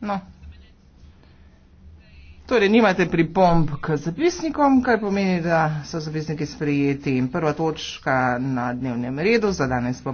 No. Torej, nimate pripomb k zapisnikom, kar pomeni, da so zapisniki sprejeti in prva točka na dnevnem redu za danes.